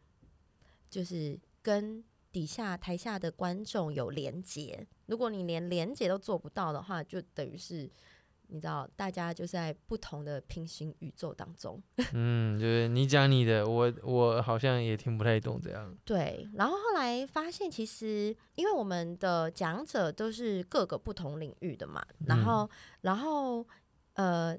就是跟底下台下的觀眾有連接。如果你連連接都做不到的話，就等於是……你知道，大家就在不同的平行宇宙當中。 嗯，就是你講你的，我我好像也聽不太懂這樣。嗯、對，然後後來發現，其實因為我們的講者都是各個不同領域的嘛，然後、嗯、然後呃，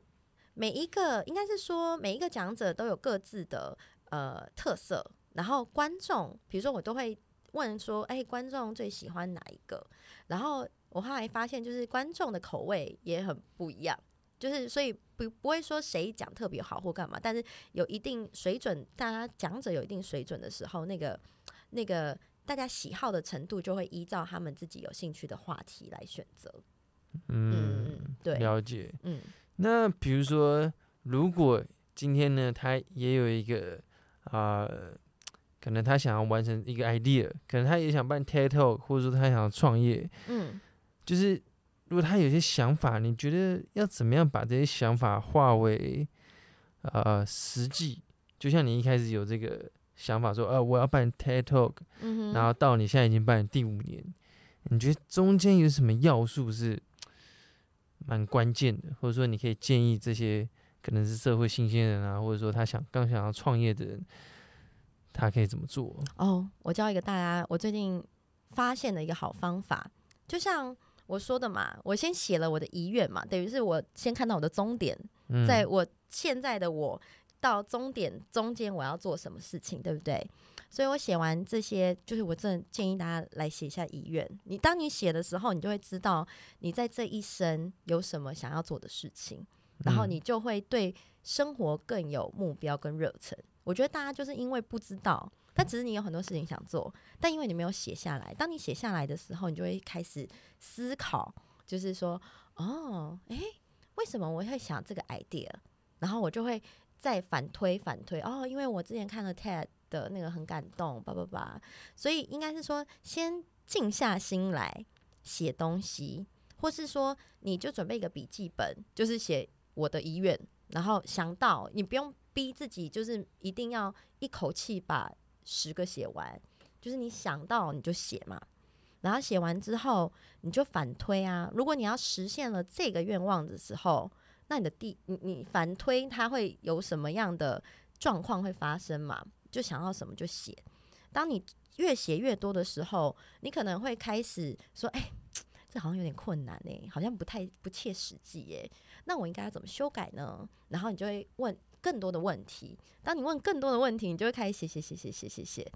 每一個應該是說每一個講者都有各自的呃特色，然後觀眾比如說我都會。問說，哎，觀眾最喜歡哪一個？然後我後來發現，就是觀眾的口味也很不一樣，就是所以不不會說誰講特別好或幹嘛，但是有一定水準，大家講者有一定水準的時候，那個那個大家喜好的程度就會依照他們自己有興趣的話題來選擇。嗯，嗯對，了解。嗯，那比如說，如果今天呢，他也有一個啊。呃可能他想要完成一個 idea，可能他也想辦 TEDx，或者說他想創業。嗯，就是如果他有些想法，你覺得要怎麼樣把這些想法化為呃實際？就像你一開始有這個想法說，呃、啊，我要辦 TEDx、嗯、然後到你現在已經辦第五年，你覺得中間有什麼要素是蠻關鍵的？或者說你可以建議這些可能是社會新鮮人啊，或者說他想剛想要創業的人？他可以怎麼做？哦，我教一個大家，我最近發現的一個好方法，就像我說的嘛，我先寫了我的遺願嘛，等於是我先看到我的終點，在我現在的我到終點中間我要做什麼事情，對不對？所以我寫完這些，就是我真的建議大家來寫一下遺願。你當你寫的時候，你就會知道你在這一生有什麼想要做的事情，然後你就會對生活更有目標跟熱忱。我覺得大家就是因為不知道，但只是你有很多事情想做，但因為你沒有寫下來。當你寫下來的時候，你就會開始思考，就是說，哦，哎、欸，為什麼我會想這個 idea？然後我就會再反推、反推。哦，因為我之前看了 TED 的那個很感動，叭叭叭。所以應該是說，先靜下心來寫東西，或是說，你就準備一個筆記本，就是寫我的遺願。然後想到你不用。逼自己就是一定要一口氣把十個寫完，就是你想到你就寫嘛，然後寫完之後你就反推啊。如果你要實現了這個願望的時候，那你的第你你反推它會有什麼樣的狀況會發生嘛？就想到什麼就寫。當你越寫越多的時候，你可能會開始說：“欸，這好像有點困難欸，好像不太不切實際欸。”那我應該要怎麼修改呢？然後你就會問。更多的問題，當你問更多的問題，你就會開始寫寫寫寫寫寫寫。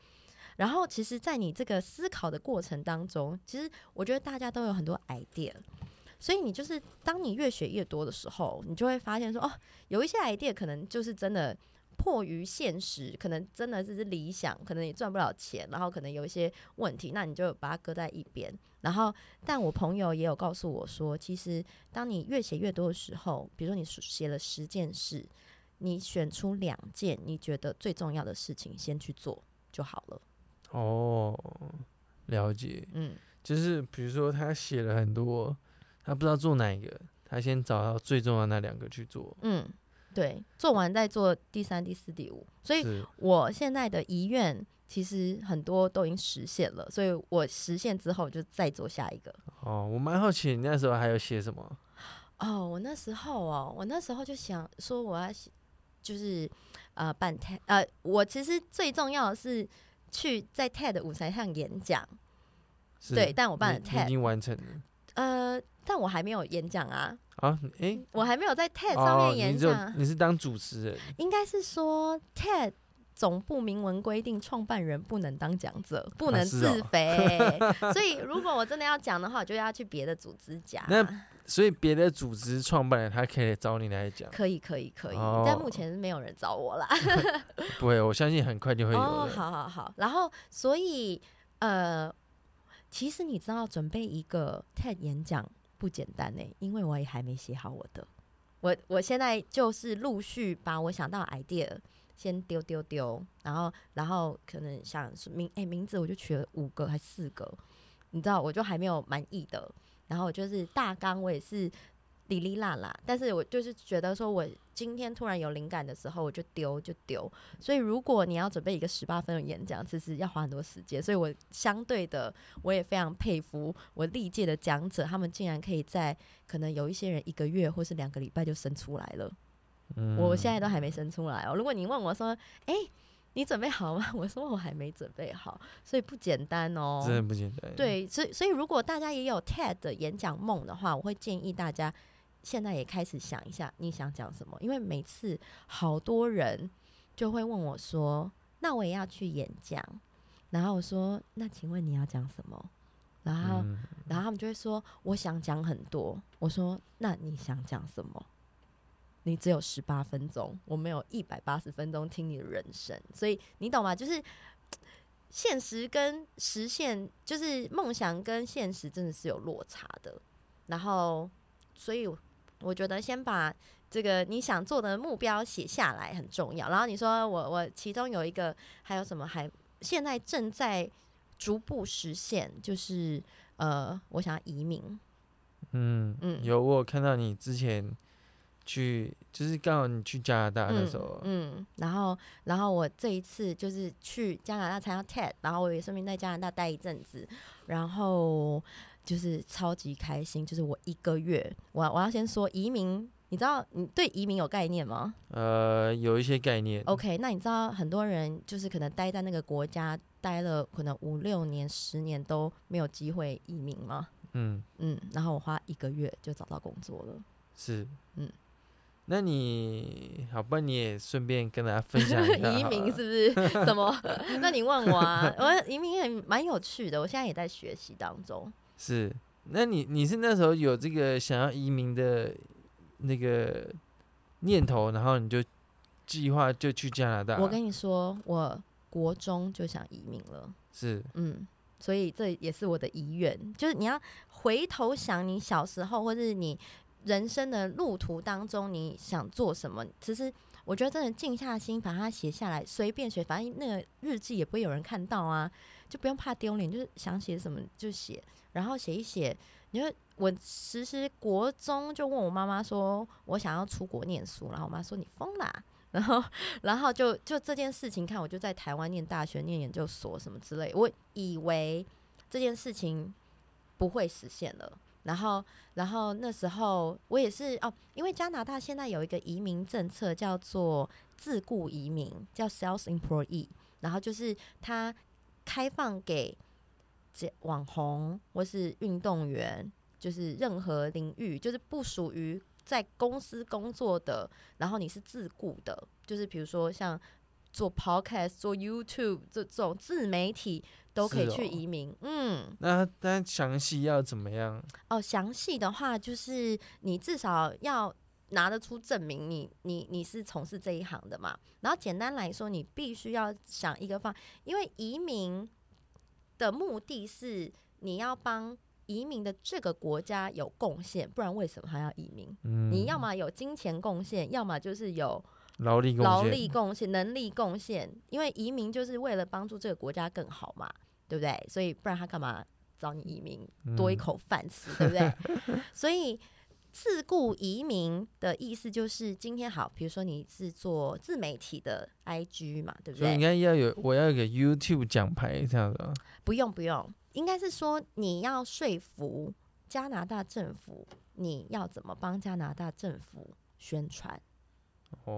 然後，其實，在你這個思考的過程當中，其實我覺得大家都有很多 idea。所以，你就是當你越寫越多的時候，你就會發現說，哦，有一些 idea 可能就是真的迫於現實，可能真的是理想，可能你賺不了錢，然後可能有一些問題，那你就把它擱在一邊。然後，但我朋友也有告訴我說，其實當你越寫越多的時候，比如說你寫了十件事。你選出兩件你覺得最重要的事情，先去做就好了。哦，了解。嗯，就是比如說他寫了很多，他不知道做哪一個，他先找到最重要的那兩個去做。嗯，對，做完再做第三、第四、第五。所以我現在的遺願其實很多都已經實現了，所以我實現之後就再做下一個。哦，我蠻好奇你那時候還有寫什麼？哦，我那時候哦，我那時候就想說我要寫。就是，呃，辦 TED，呃，我其實最重要的是去在 TED 的舞台上演講，對，但我辦了 TED 已經完成了，呃，但我還沒有演講啊，啊、欸，我還沒有在 TED 上面演講。哦，你是當主持人，應該是說 TED 總部明文規定，創辦人不能當講者，不能自肥，啊是哦。 所以如果我真的要講的話，我就要去別的組織講。所以別的組織創辦人他可以找你來講，可以可以可以，oh, 但目前是沒有人找我啦。不 會， 我相信很快就會有人。Oh, 好，好，好。然後，所以，呃，其實你知道，準備一個 TED 演講不簡單呢、欸，因為我也還沒寫好我的。我我現在就是陸續把我想到 idea 先丟丢丢，然後然後可能想說名，哎，名字我就取了五個還四個，你知道，我就還沒有滿意的。然後就是大綱，我也是哩哩啦啦。但是我就是覺得，說我今天突然有靈感的時候，我就丟就丟。所以如果你要準備一個十八分的演講，其實要花很多時間。所以我相對的，我也非常佩服我歷屆的講者，他們竟然可以在可能有一些人一個月或是兩個禮拜就生出來了。嗯，我現在都還沒生出來哦。如果你問我說，誒……你準備好嗎？我說我還沒準備好，所以不簡單哦。真的不簡單。對，所以所以如果大家也有 TED 演講夢的話，我會建議大家現在也開始想一下你想講什麼，因為每次好多人就會問我說：“那我也要去演講。”然後我說：“那請問你要講什麼？”然後然後他們就會說：“我想講很多。”我說：“那你想講什麼？”你只有十八分鐘，我沒有一百八十分鐘聽你的人生，所以你懂嗎？就是現實跟實現，就是夢想跟現實真的是有落差的。然後，所以我覺得先把這個你想做的目標寫下來很重要。然後你說我我其中有一個，還有什麼還，現在正在逐步實現，就是呃，我想要移民。嗯嗯，有我有看到你之前。去就是剛好你去加拿大那時候，嗯，嗯，然後然後我這一次就是去加拿大參加 TED，然後我也順便在加拿大待一陣子，然後就是超級開心。就是我一個月，我，我要先說移民，你知道你對移民有概念嗎？呃，有一些概念。OK，那你知道很多人就是可能待在那個國家待了可能五六年、十年都沒有機會移民嗎？嗯嗯，然後我花一個月就找到工作了。是，嗯。那你好，不然你也順便跟大家分享一下 移民是不是 什麼？那你問我啊， 我移民也蠻有趣的，我現在也在學習當中。是，那你你是那時候有這個想要移民的那個念頭，然後你就計劃就去加拿大？我跟你說，我國中就想移民了。是，嗯，所以這也是我的遺願，就是你要回頭想你小時候，或是你。人生的路途當中，你想做什麼？其實我覺得，真的靜下心把它寫下來，隨便寫，反正那個日記也不會有人看到啊，就不用怕丟臉，就是想寫什麼就寫，然後寫一寫。你說我其實國中就問我媽媽說，我想要出國念書，然後我媽說你瘋啦，然後然後就就這件事情看，我就在台灣念大學、念研究所什麼之類，我以為這件事情不會實現了。然後，然後那時候我也是哦，因為加拿大現在有一個移民政策叫做自雇移民，叫 Self-Employee。然後就是它開放給網紅或是運動員，就是任何領域，就是不屬於在公司工作的，然後你是自雇的，就是比如說像。做 Podcast，做 YouTube，做、做 YouTube 這種自媒體都可以去移民，哦、嗯。那但詳細要怎麼樣？哦，詳細的話就是你至少要拿得出證明你，你你你是從事這一行的嘛。然後簡單來說，你必須要想一個方，因為移民的目的是你要幫移民的這個國家有貢獻，不然為什麼他要移民？嗯、你要麼有金錢貢獻，要麼就是有。勞力貢獻、勞力貢獻能力貢獻，因為移民就是為了幫助這個國家更好嘛，對不對？所以不然他幹嘛找你移民多一口飯吃、嗯，對不對？ 所以自僱移民的意思就是，今天好，比如說你是做自媒體的 IG 嘛，對不對？所以應該要有，我要有個 YouTube 獎牌這樣子。啊，不用不用，應該是說你要說服加拿大政府，你要怎麼幫加拿大政府宣傳。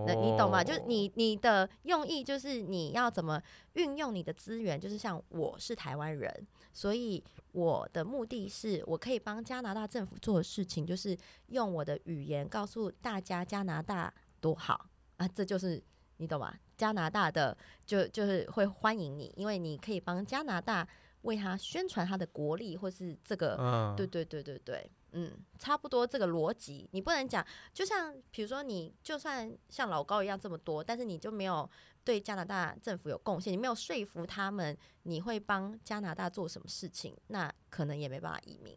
那你懂嗎？就是你你的用意就是你要怎麼運用你的資源，就是像我是台灣人，所以我的目的是我可以幫加拿大政府做的事情，就是用我的語言告訴大家加拿大多好啊！這就是你懂嗎？加拿大的就就是會歡迎你，因為你可以幫加拿大為他宣傳他的國力，或是這個，啊，對對對對對。嗯，差不多這個邏輯，你不能講，就像比如說，你就算像老高一樣這麼多，但是你就沒有對加拿大政府有貢獻，你沒有說服他們，你會幫加拿大做什麼事情，那可能也沒辦法移民。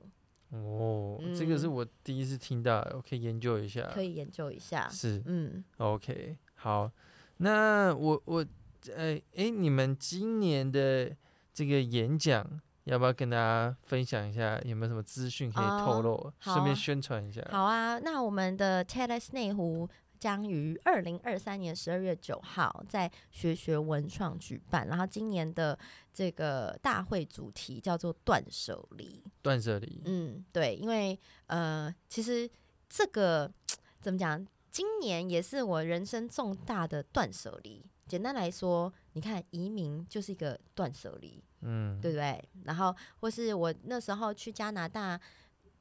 哦，這個是我第一次聽到，嗯、我可以研究一下。可以研究一下。是，嗯，OK，好，那我我，哎誒、哎，你們今年的這個演講。要不要跟大家分享一下，有沒有什麼資訊可以透露？順、哦啊、便宣傳一下。好啊，那我們的 TEDx 內湖將於二零二三年十二月九號在學學文創舉辦。然後今年的這個大會主題叫做“斷捨離”。斷捨離，嗯，對，因為呃，其實這個怎麼講？今年也是我人生重大的斷捨離。簡單來說，你看移民就是一個斷捨離。嗯，對不對？然後或是我那時候去加拿大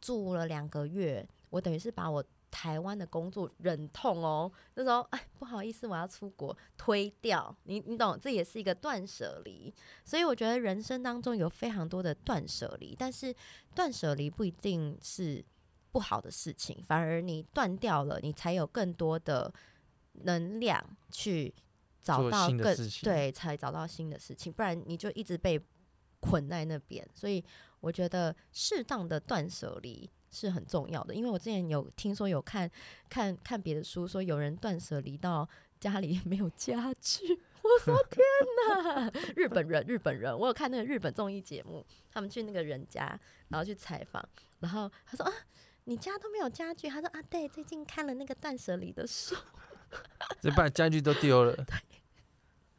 住了兩個月，我等於是把我台灣的工作忍痛哦，那時候哎，不好意思，我要出國推掉。你你懂，這也是一個斷捨離。所以我覺得人生當中有非常多的斷捨離，但是斷捨離不一定是不好的事情，反而你斷掉了，你才有更多的能量去。找到更新的事情對，才找到新的事情，不然你就一直被捆在那邊。所以我覺得適當的斷舍離是很重要的。因為我之前有聽說有看看看別的書，說有人斷舍離到家裡沒有家具。我說天哪！ 日本人，日本人，我有看那個日本綜藝節目，他們去那個人家，然後去採訪，然後他說啊，你家都沒有家具。他說啊，對，最近看了那個斷舍離的書。這把家具都丟了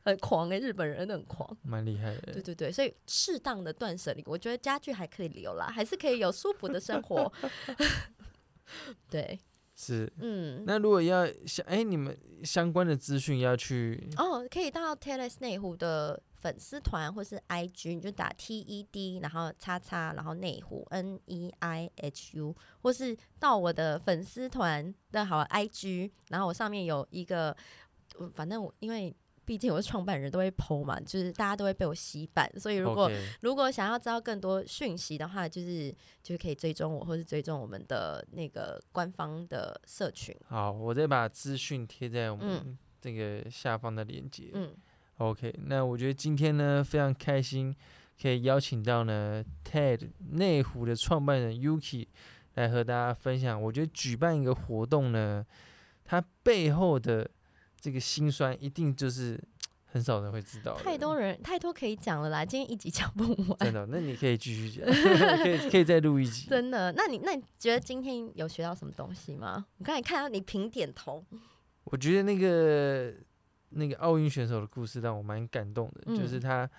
很狂哎、欸，日本人很狂，蠻厲害的、欸。對對對，所以適當的斷舍離，我覺得家具還可以留啦，還是可以有舒服的生活。 對，是，嗯，那如果要相哎、欸，你們相關的資訊要去哦，oh, 可以到 TEDx 內湖的，粉絲團或是 IG，你就打 TED，然後叉叉，然後內湖 NEIHU，或是到我的粉絲團的好 IG，然後我上面有一個，我反正我因為畢竟我是創辦人都會 po 嘛，就是大家都會被我洗版，所以如果、okay. 如果想要知道更多訊息的話，就是就是可以追蹤我，或是追蹤我們的那個官方的社群。好，我再把資訊貼在我們這個下方的鏈接。嗯。嗯 OK，那我覺得今天呢非常開心，可以邀請到呢 TED 內湖的創辦人 Yuki 來和大家分享。我覺得舉辦一個活動呢，它背後的這個辛酸一定就是很少人會知道。太多人，太多可以講了啦，今天一集講不完。真的，那你可以繼續講， 可以可以再錄一集。真的，那你那你覺得今天有學到什麼東西嗎？我剛才看到你平點頭。我覺得那個。那個奧運選手的故事讓我蠻感動的，嗯，就是他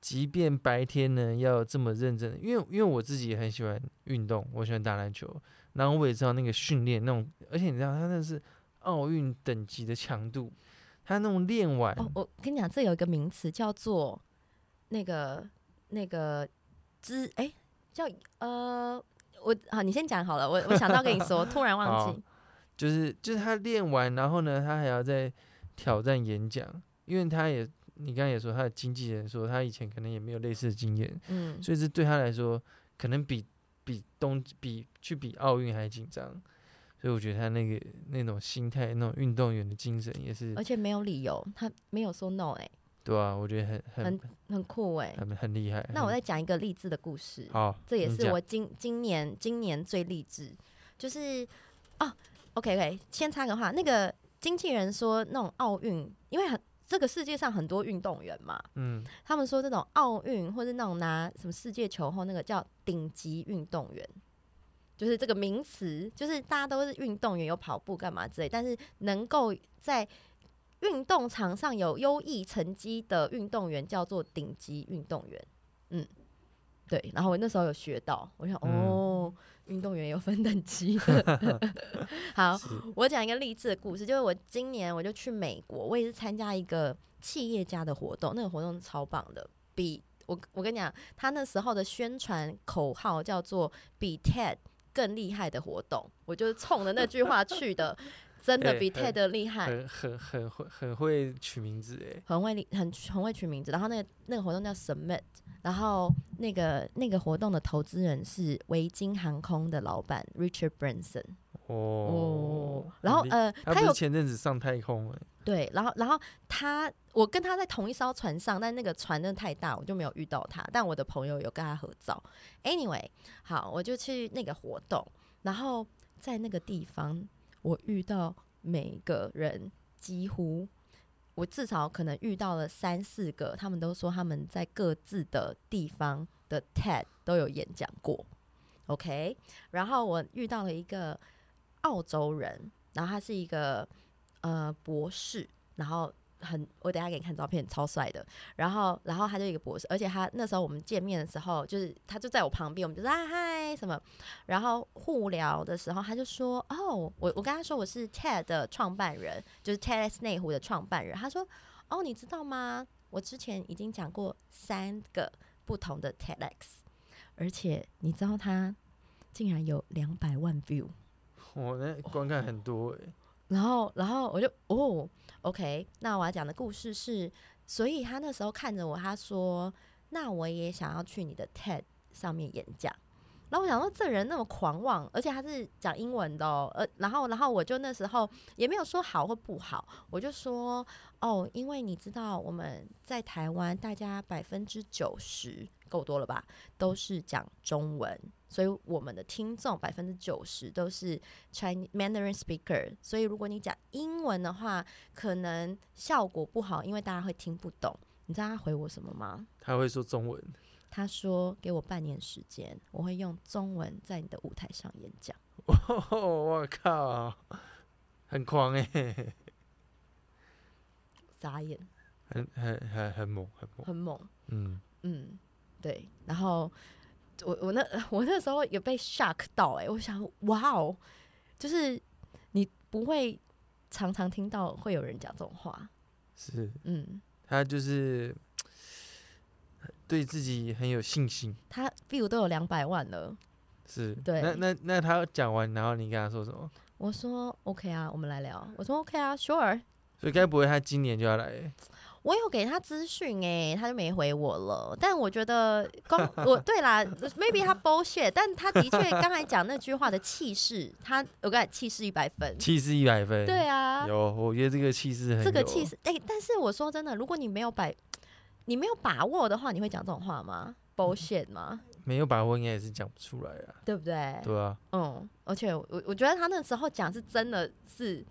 即便白天呢要這麼認真，因為因為我自己也很喜歡運動，我喜歡打籃球，然後我也知道那個訓練那種，而且你知道他那是奧運等級的強度，他那種練完，哦，我跟你講，這有一個名詞叫做那個那個之哎、欸、叫呃我好你先講好了，我我想到跟你說， 突然忘記，就是就是他練完，然後呢他還要在。挑戰演講，因為他也，你剛剛也說他的經紀人說他以前可能也沒有類似的經驗，嗯，所以這對他來說可能比比東比去比奧運還緊張，所以我覺得他那個那種心態、那種運動員的精神也是，而且沒有理由，他沒有說 no 哎、欸，對啊，我覺得很很很酷哎、欸，很很厲害很。那我再講一個勵志的故事，好，這也是我今今年今年最勵志，就是哦，OK OK，先插個話，那個。經紀人說，那種奧運，因為很這個世界上很多運動員嘛，嗯，他們說這種奧運或是那種拿什麼世界球後，那個叫頂級運動員，就是這個名詞，就是大家都是運動員，有跑步幹嘛之類，但是能夠在運動場上有優異成績的運動員叫做頂級運動員，嗯，對。然後我那時候有學到，我想、嗯、哦。運動員有分等級的。好，我講一個勵志的故事，就是我今年我就去美國，我也是參加一個企業家的活動，那個活動超棒的，比我，我跟你講，他那時候的宣傳口號叫做“比 TED 更厲害的活動”，我就是衝着那句話去的。 真的比 TED 厲、欸、害，很很很會很，很會取名字哎、欸，很會很很會取名字。然後那個那個活動叫 Summit，然後那個那個活動的投資人是維京航空的老闆 Richard Branson 哦、喔，然後呃，他有前陣子上太空了、欸，對，然後然後他，我跟他在同一艘船上，但那個船真的太大，我就沒有遇到他，但我的朋友有跟他合照。Anyway，好，我就去那個活動，然後在那個地方。我遇到每個人幾乎，我至少可能遇到了三四個，他們都說他們在各自的地方的 TED 都有演講過，OK。然後我遇到了一個澳洲人，然後他是一個呃博士，然後。很，我等下給你看照片，超帥的。然後，然後他就一個博士，而且他那時候我們見面的時候，就是他就在我旁邊，我們就說嗨，什麼，然後互聊的時候，他就說哦，我我跟他說我是 TED 的創辦人，就是 TEDx 內湖的創辦人。他說哦，你知道嗎？我之前已經講過三個不同的 TEDx，而且你知道他竟然有兩百萬 view，我、哦、那觀看很多誒、欸。哦然後，然後我就哦，OK，那我要講的故事是，所以他那時候看着我，他說：“那我也想要去你的 TED 上面演講。”然後我想說這人那麼狂妄，而且他是講英文的、哦，呃，然後，然後我就那時候也沒有說好或不好，我就說：“哦，因為你知道我們在台灣，大家百分之九十。”夠多了吧？都是講中文，所以我們的聽眾百分之九十都是 Chinese Mandarin speaker。所以如果你講英文的話，可能效果不好，因為大家會聽不懂。你知道他回我什麼嗎？他會說中文。他說：“給我半年時間，我會用中文在你的舞台上演講。”我靠，很狂哎，欸！眨眼，很很很很猛，很猛，很猛。嗯嗯。對，然後我我那我那時候也被 shock 到哎、欸，我想哇哦，就是你不會常常聽到會有人講這種話，是，嗯，他就是對自己很有信心，他 view 都有兩百萬了，是，對，那那那他講完，然後你跟他說什麼？我說 OK 啊，我們來聊。我說 OK 啊，Sure。所以該不會他今年就要來、欸？我有給他資訊哎，他就沒回我了。但我覺得，剛我對啦 ，maybe 他 bullshit，但他的確剛才講那句話的氣勢，他我感覺氣勢一百分，氣勢一百分，對啊，有，我覺得這個氣勢很，這個氣勢哎，但是我說真的，如果你沒有擺，你沒有把握的話，你會講這種話嗎？bullshit 嗎、嗯？沒有把握應該也是講不出來的、啊，對不對？對啊，嗯，而且我我覺得他那時候講是真的是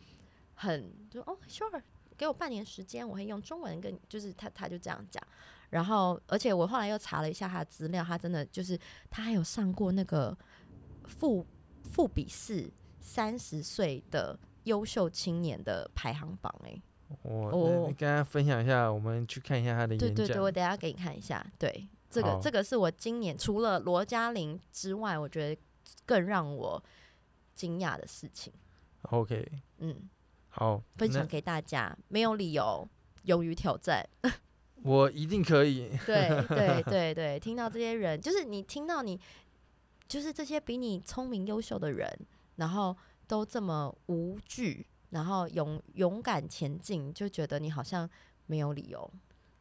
很，就哦、oh，sure。給我半年時間，我會用中文跟，就是他，他就這樣講。然後，而且我後來又查了一下他的資料，他真的就是他還有上過那個富富比士三十歲的優秀青年的排行榜誒、欸，我、喔、我、喔，跟大家分享一下，我們去看一下他的演講。對對對，我等下給你看一下。對，這個這個是我今年除了羅嘉玲之外，我覺得更讓我驚訝的事情。OK，嗯。好、哦，分享給大家，沒有理由勇於挑戰， 我一定可以。 對對對對，聽到這些人，就是你聽到你，就是這些比你聰明優秀的人，然後都這麼無懼，然後勇勇敢前進，就覺得你好像沒有理由。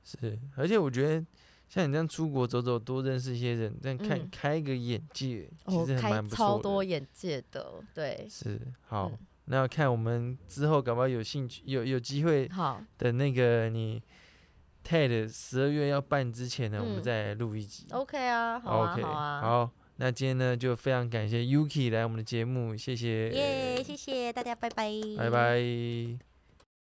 是，而且我覺得像你這樣出國走走，多認識一些人，這樣看、嗯、開個眼界，其實還蠻不錯的、哦、開超多眼界的。對，是，好。嗯那要看我們之後搞不好，有興趣，有有機會，等那個你 TED 十二月要辦之前呢，嗯、我們再錄一集。OK 啊，好啊，okay, 好啊好，啊好，那今天呢，就非常感謝 Yuki 來我們的節目，謝謝。耶、yeah，謝謝大家，拜拜。拜拜。